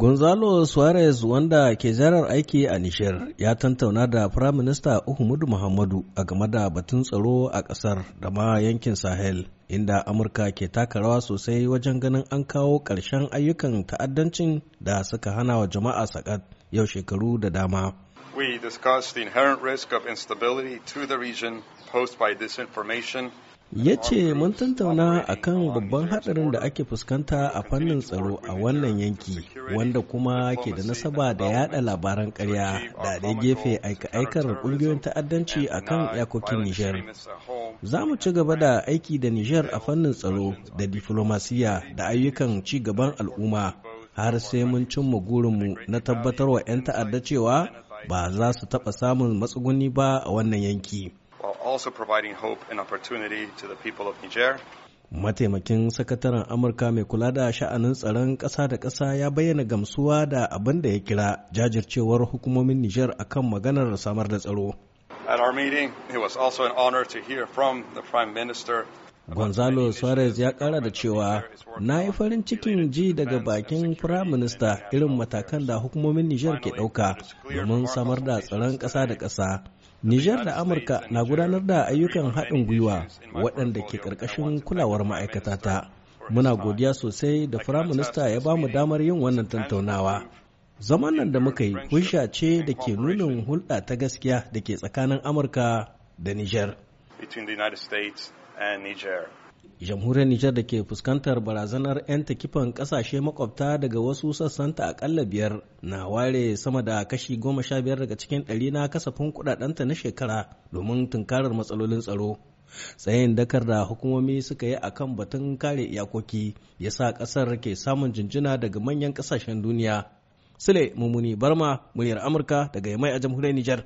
Gonzalo Suarez wanda ke ziyarar aiki a Nishir ya tantauna da Firayim Minista Uhumudu Muhammadu a game da batun tsaro a ƙasar da ma yankin Sahel, inda Amurka ke taka rawa sosai wajen ganin an kawo ƙarshen ayyukan ta'addancin da suka hana wa jama'a sakat yau shekaru da dama. We discussed the inherent risk of instability to the region posed by disinformation ya ce mun tantauna kan babban hadarin da ake fuskanta a fannin tsaro a wannan yanki wanda kuma ke da nasaba da yada labaran karya da ɗaya gefe aika-aikar ƙungiyoyin ta'addanci a kan iyakokin nijar za mu ci gaba da aiki da nijar a fannin tsaro da diflomasiya da ayyukan ci gaban al'umma har sai mun cimma gurinmu na tabbatar wa 'yan ta'adda cewa ba za su taɓa samun matsuguni ba a wannan yanki. while also providing hope and opportunity to the people of Niger. Mataimakin sakataren Amurka mai kula da sha'anin tsaron ƙasa da ƙasa ya bayyana gamsuwa da abin da ya kira jajircewar hukumomin Nijar akan maganar samar da tsaro. At our meeting, it was also an honor to hear from the Prime Minister Gonzalo Suarez ya ƙara da cewa na yi farin cikin ji daga bakin firaminista irin matakan da hukumomin Nijar ke ɗauka domin samar da tsaron ƙasa da ƙasa. Nijar da Amurka na gudanar da ayyukan haɗin gwiwa waɗanda ke ƙarƙashin kulawar ma'aikata ta. Muna godiya sosai da Firaminista ya ba mu damar yin wannan tattaunawa. Zaman nan da muka yi kunsha ce da ke nunin hulɗa ta gaskiya da ke tsakanin Amurka da Nijar. Niger. jamhuriyar nijar da ke fuskantar barazanar 'yan takifan kasashe makwabta daga wasu sassanta akalla biyar na ware sama da kashi goma sha biyar daga cikin ɗari na kasafin kudadenta na shekara domin tunkarar matsalolin tsaro tsayin dakar da hukumomi suka yi akan batun kare iyakoki ya sa ƙasar ke samun jinjina daga manyan ƙasashen duniya sule mummuni barma muryar amurka daga yamai a jamhuriyar nijar